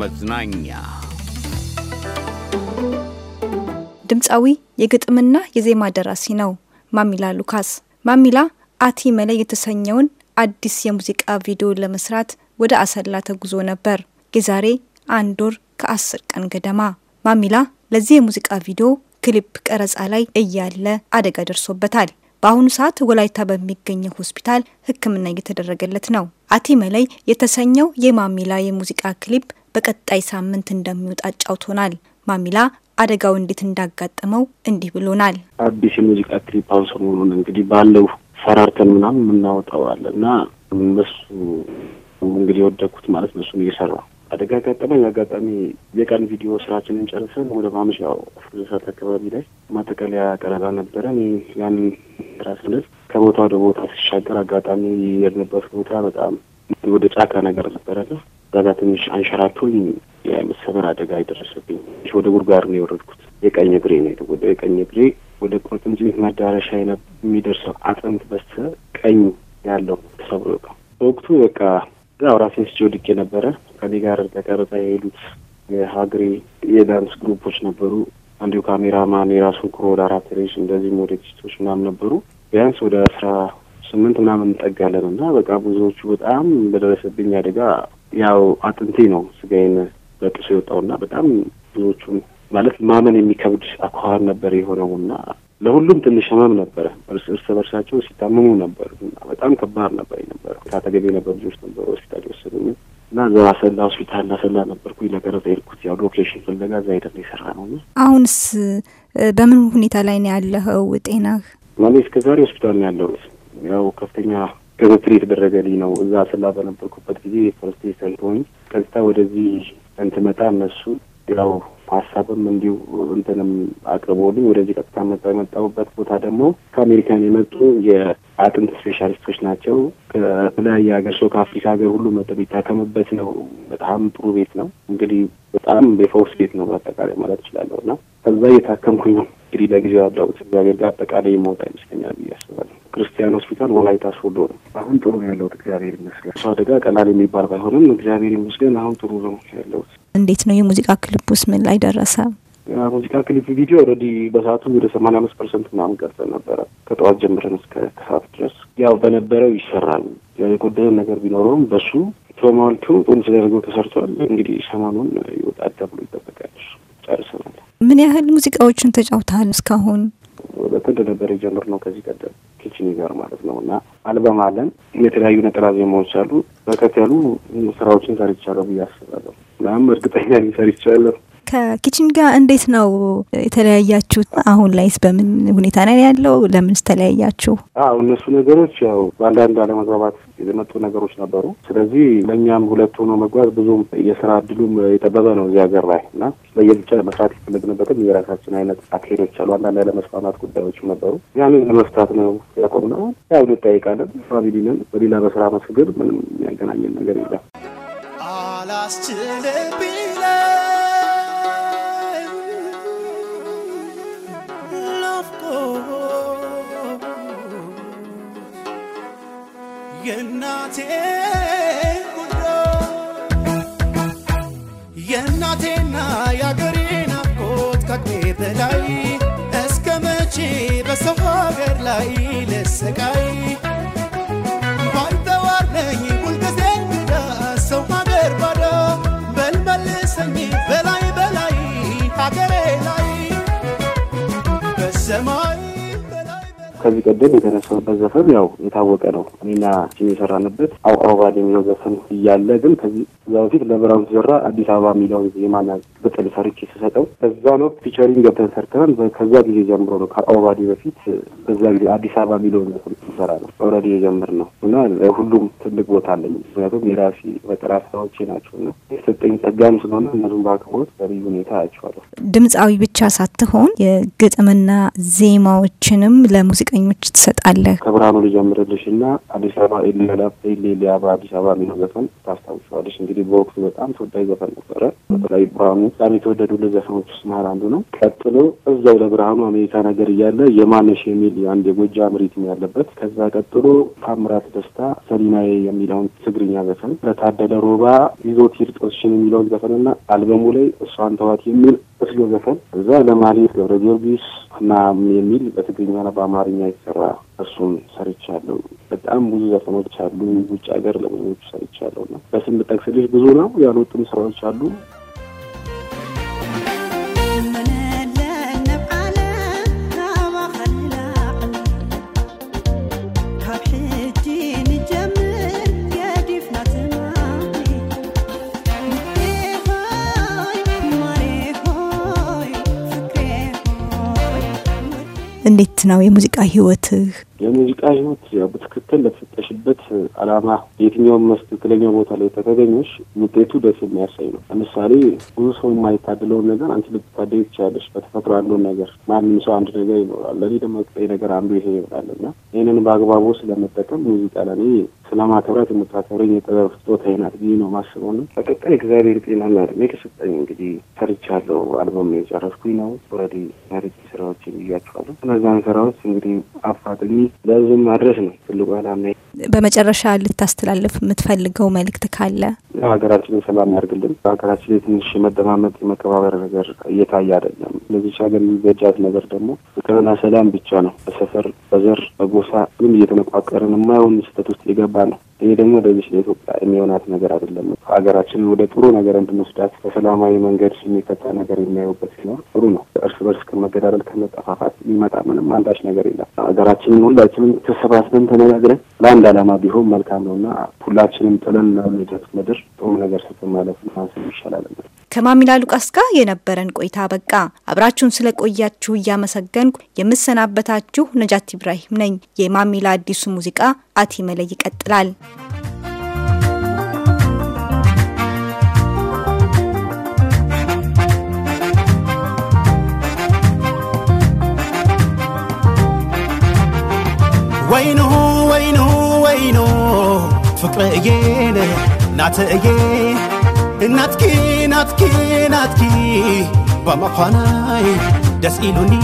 መዝናኛ ድምፃዊ የግጥምና የዜማ ደራሲ ነው ማሚላ ሉካስ። ማሚላ አቲ መለይ የተሰኘውን አዲስ የሙዚቃ ቪዲዮ ለመስራት ወደ አሰላ ተጉዞ ነበር የዛሬ አንድ ወር ከአስር ቀን ገደማ። ማሚላ ለዚህ የሙዚቃ ቪዲዮ ክሊፕ ቀረጻ ላይ እያለ አደጋ ደርሶበታል። በአሁኑ ሰዓት ወላይታ በሚገኘው ሆስፒታል ሕክምና እየተደረገለት ነው። አቲ መለይ የተሰኘው የማሚላ የሙዚቃ ክሊፕ በቀጣይ ሳምንት እንደሚወጣ አጫውቶናል። ማሚላ አደጋው እንዴት እንዳጋጠመው እንዲህ ብሎናል። አዲስ የሙዚቃ ክሊፕ አሁን ሰሞኑን እንግዲህ ባለው ፈራርተን ምናምን የምናወጣው እና እነሱ እንግዲህ የወደኩት ማለት ነው። እሱን እየሰራው አደጋ አጋጠመኝ። አጋጣሚ የቀን ቪዲዮ ስራችንን ጨርሰን ወደ ማምሻው አስር ሰዓት አካባቢ ላይ ማጠቃለያ ቀረጻ ነበረን። ያንን ስራ ስንል ከቦታ ወደ ቦታ ሲሻገር አጋጣሚ የሄድንበት ቦታ በጣም ወደ ጫካ ነገር ነበረ ከዛ ትንሽ አንሸራቶኝ የመሰበር አደጋ የደረሰብኝ ወደ ጉርጓር ነው የወረድኩት። የቀኝ እግሬ ነው የተጎዳው። የቀኝ እግሬ ወደ ቁርጭምጭሚት መዳረሻ የሚደርሰው አጥንት በስተ ቀኝ ያለው ተሰብሮ ቃ በወቅቱ በቃ ያው ራሴን ስቼ ወድቄ ነበረ። ከኔ ጋር ለቀረጻ የሄዱት የሀገሬ የዳንስ ግሩፖች ነበሩ። አንዲሁ ካሜራማን የራሱን ክሮ ወደ አራት ሬሽ እንደዚህ ወደ ምናምን ነበሩ። ቢያንስ ወደ አስራ ስምንት ምናምን እንጠጋለን እና በቃ ብዙዎቹ በጣም በደረሰብኝ አደጋ ያው አጥንቴ ነው ስጋዬን በጥሶ የወጣውና በጣም ብዙዎቹን ማለት ማመን የሚከብድ አኳኋን ነበር የሆነውና ለሁሉም ትንሽ ህመም ነበረ። እርስ እርስ በርሳቸው ሲታመሙ ነበር እና በጣም ከባድ ነበር ነበር ታተገቢ ነበር ልጆች ነበሩ ሆስፒታል የወሰዱኝ እና እዛ አሰላ ሆስፒታል ላሰላ ነበርኩኝ ነገር ዘይልኩት ያው ሎኬሽን ፍለጋ እዛ ሄደን የሰራ ነው። አሁንስ በምን ሁኔታ ላይ ነው ያለኸው? ጤናህ? ማለት እስከዛሬ ሆስፒታል ነው ያለሁት። ያው ከፍተኛ ክትትል የተደረገልኝ ነው። እዛ ስላ በነበርኩበት ጊዜ የፈርስት ሰንት ሆኝ ቀጥታ ወደዚህ እንትመጣ እነሱ ያው ሀሳብም እንዲሁ እንትንም አቅርቦልኝ ወደዚህ ቀጥታ መጣ። የመጣሁበት ቦታ ደግሞ ከአሜሪካን የመጡ የአጥንት ስፔሻሊስቶች ናቸው። ከተለያየ ሀገር ሰው ከአፍሪካ ሀገር ሁሉ መጠ የሚታከምበት ነው። በጣም ጥሩ ቤት ነው። እንግዲህ በጣም የፈውስ ቤት ነው በአጠቃላይ ማለት እችላለሁ እና ከዛ እየታከምኩኝ ነው እንግዲህ ለጊዜው ያለሁት እግዚአብሔር ጋር አጠቃላይ የመወጣ ይመስለኛል ብዬ አስባለሁ። ክርስቲያን ሆስፒታል ወላይታ ሶዶ ነው። አሁን ጥሩ ነው ያለሁት እግዚአብሔር ይመስገን። እሱ አደጋ ቀላል የሚባል ባይሆንም እግዚአብሔር ይመስገን አሁን ጥሩ ነው ያለሁት። እንዴት ነው የሙዚቃ ክሊፕ ውስጥ ምን ላይ ደረሰ? ሙዚቃ ክሊፕ ቪዲዮ ኦልሬዲ በሰዓቱ ወደ ሰማንያ አምስት ፐርሰንት ምናምን ቀርጸን ነበረ ከጠዋት ጀምረን እስከ ከሰዓት ድረስ ያው በነበረው ይሰራል። የጎደለ ነገር ቢኖረውም በሱ ቶማልቱ ቁም ተደርገው ተሰርቷል። እንግዲህ ሰሞኑን ይወጣል ተብሎ ይጠበቃል። ጨርሰናል። ምን ያህል ሙዚቃዎችን ተጫውተሃል እስካሁን? በክንድ ነበር የጀመርነው ከዚህ ቀደም ኪችን ጋር ማለት ነው። እና አልበም አለን፣ የተለያዩ ነጠላ ዜማዎች አሉ። በርከት ያሉ ስራዎችን ሰርቻለሁ ብዬ አስባለሁ። ምናምን እርግጠኛ ሰርቻለሁ ከኪችን ጋር እንዴት ነው የተለያያችሁ? አሁን ላይስ በምን ሁኔታ ነው ያለው? ለምንስ ተለያያችሁ? አዎ እነሱ ነገሮች ያው በአንዳንድ አለመግባባት የመጡ ነገሮች ነበሩ። ስለዚህ ለእኛም ሁለት ሆኖ መጓዝ ብዙም የስራ እድሉም የጠበበ ነው እዚህ ሀገር ላይ እና ለየብቻ መስራት የፈለግንበትም የራሳችን አይነት አካሄዶች አሉ። አንዳንድ ያለመስማማት ጉዳዮች ነበሩ። ያንን ለመፍታት ነው ያቆምነው። ያው እንጠይቃለን፣ ፋሚሊ ነን። በሌላ በስራ መስግር ምንም የሚያገናኘን ነገር የለም። አላስችል ቢለ ጉዶ የእናቴና የአገሬ ናፍቆት ከአቅሜ በላይ ከዚህ ቀደም የተነሳበት ዘፈን ያው የታወቀ ነው። እኔና ጂም የሰራንበት አውአውባድ የሚለው ዘፈን እያለ ግን ከዚህ እዛ በፊት ለብርሃኑ ተዘራ አዲስ አበባ የሚለውን የማና ብጥል ሰርቼ ስሰጠው በዛን ነው ፊቸሪንግ ገብተን ሰርተናል። ከዛ ጊዜ ጀምሮ ነው ከአውባዴ በፊት በዛ ጊዜ አዲስ አበባ የሚለውን ዘፈን ስሰራ ነው ኦልሬዲ የጀምር ነው እና ሁሉም ትልቅ ቦታ አለኝ። ምክንያቱም የራሴ በጥራ ስራዎቼ ናቸው እና የሰጠኝ ጸጋም ስለሆነ እነሱን በአክብሮት በልዩ ሁኔታ አያቸዋለሁ። ድምፃዊ ብቻ ሳትሆን የግጥምና ዜማዎችንም ለሙዚቃ ሙዚቀኞች ትሰጣለህ? ከብርሃኑ ልጀምርልሽ እና አዲስ አበባ ኤሌላ ኤሌ አዲስ አበባ የሚለው ዘፈን ታስታውሸዋለሽ። እንግዲህ በወቅቱ በጣም ተወዳጅ ዘፈን ነበረ። በተለይ ብርሃኑ በጣም የተወደዱለት ዘፈኖች ውስጥ መሀል አንዱ ነው። ቀጥሎ እዛው ለብርሃኑ አሜሪካ ነገር እያለ የማነሽ የሚል አንድ የጎጃም ሪትም ያለበት፣ ከዛ ቀጥሎ ታምራት ደስታ ሰሊናዬ የሚለውን ትግርኛ ዘፈን፣ ለታደለ ሮባ ይዞት ይርጦሽን የሚለውን ዘፈን እና አልበሙ ላይ እሷን ተዋት የሚል እስሎ ዘፈን፣ እዛ ለማሌት ገብረ ጊዮርጊስ እና የሚል በትግርኛና በአማርኛ የማይሰራ እሱን ሰርቻለሁ። በጣም ብዙ ዘፈኖች አሉ። ውጭ ሀገር ለብዙዎቹ ሰርቻለሁ እና በስም ብጠቅስልሽ ብዙ ነው። ያልወጡም ስራዎች አሉ። እንዴት እንዴት ነው የሙዚቃ ህይወትህ? የሙዚቃ ህይወት ያው በትክክል ለተሰጠሽበት አላማ የትኛውም መስ ትክክለኛው ቦታ ላይ ተተገኘሽ ውጤቱ ደስ የሚያሳይ ነው። ለምሳሌ ብዙ ሰው የማይታደለውን ነገር አንቺ ልትታደይ ትችላለሽ። በተፈጥሮ ያለውን ነገር ማንም ሰው አንድ ነገር ይኖራል። ለእኔ ደግሞ ቀይ ነገር አንዱ ይሄ ይሆናል እና ይህንን በአግባቡ ስለመጠቀም ሙዚቃ ለእኔ ስለማከብራት የምታከብረኝ የጥበብ ስጦታዬ ናት ብዬ ነው ማስበው ነው። በቀጣይ እግዚአብሔር ጤናና እድሜ ከሰጠኝ እንግዲህ ሰርቻለሁ። አልበም የጨረስኩኝ ነው ኦልሬዲ መርጬ ስራዎችን ብያቸዋለሁ። እነዛን ስራዎች እንግዲህ አፋጥኝ ለዙም ማድረስ ነው ትልቁ አላማ። በመጨረሻ ልታስተላልፍ የምትፈልገው መልእክት ካለ ሀገራችንን ሰላም ያርግልን። በሀገራችን የትንሽ የመደማመጥ የመከባበር ነገር እየታየ አይደለም። ለዚች ሀገር የሚበጃት ነገር ደግሞ ፍቅርና ሰላም ብቻ ነው። በሰፈር በዘር በጎሳ ግን እየተመቋቀርን የማይሆን ስህተት ውስጥ የገባ ነው። ይህ ደግሞ ለዚች ለኢትዮጵያ የሚሆናት ነገር አይደለም። ሀገራችንን ወደ ጥሩ ነገር እንድንወስዳት በሰላማዊ መንገድ የሚፈታ ነገር የሚያዩበት ሲሆን ጥሩ ነው። እርስ በርስ ከመገዳደል ከመጠፋፋት የሚመጣ ምንም አንዳች ነገር የለም። ሀገራችንን ሁላችንም ተሰባስበን ተነጋግረን ለአንድ ዓላማ ቢሆን መልካም ነው እና ሁላችንም ጥለን ለመሄደት ምድር ጥሩ ነገር ስጡ ማለት ማሰብ ይሻላል። ከማሚላ ሉቃስ ጋር የነበረን ቆይታ በቃ። አብራችሁን ስለ ቆያችሁ እያመሰገንኩ የምሰናበታችሁ ነጃት ኢብራሂም ነኝ። የማሚላ አዲሱ ሙዚቃ አቲ መለይ ይቀጥላል። ወይኑ ወይኑ ወይኑ ፍቅር እየነ እናትእዬ እናትኪ ናትኪ ናትኪ በመዃናይ ደስ ኢሉኒ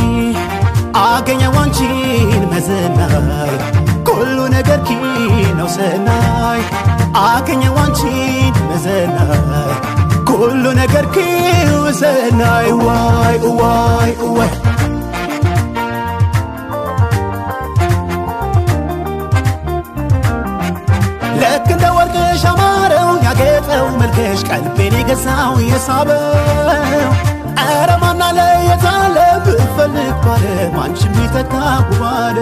ኣገኘ ዋንቺን መዘናይ ኩሉ ነገርኪ ነውሰናይ ሰናይ ኣገኘ ዋንቺን ኩሉ ነገርኪ ውሰናይ ዋይ እዋይ እወይ አምላክሽ ቀልቤን የገዛው የሳበ ኧረ ማና ለየታለ ብፈልግ ባለ ማንች የሚተካ ጉባለ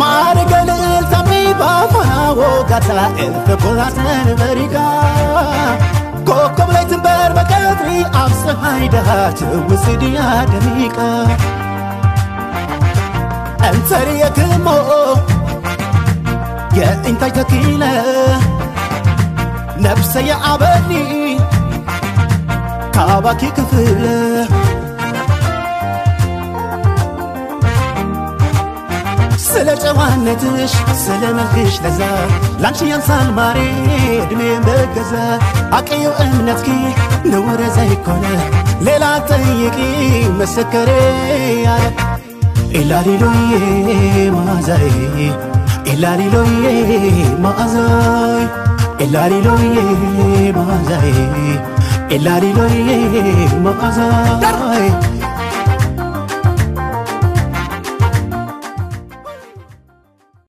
ማረገ ልዕልታሜ ባፋና ወጋታ እልፍ ኮራተን በሪጋ ኮከብ ላይ ትንበር በቀትሪ አብፀሐይ ደሃ ውስድያ ደሚቃ أنت ريك المو يا نفس يا عبني كابك كفل سلا جوانتش سلا ملكش لزا لانشي انسان مريد من بكزا اكي امنتك نور زي كنا ليلا تيكي مسكري إلا ليلوي ما زاي إلا ليلوي ما زاي Elari loye maza e Elari loye maza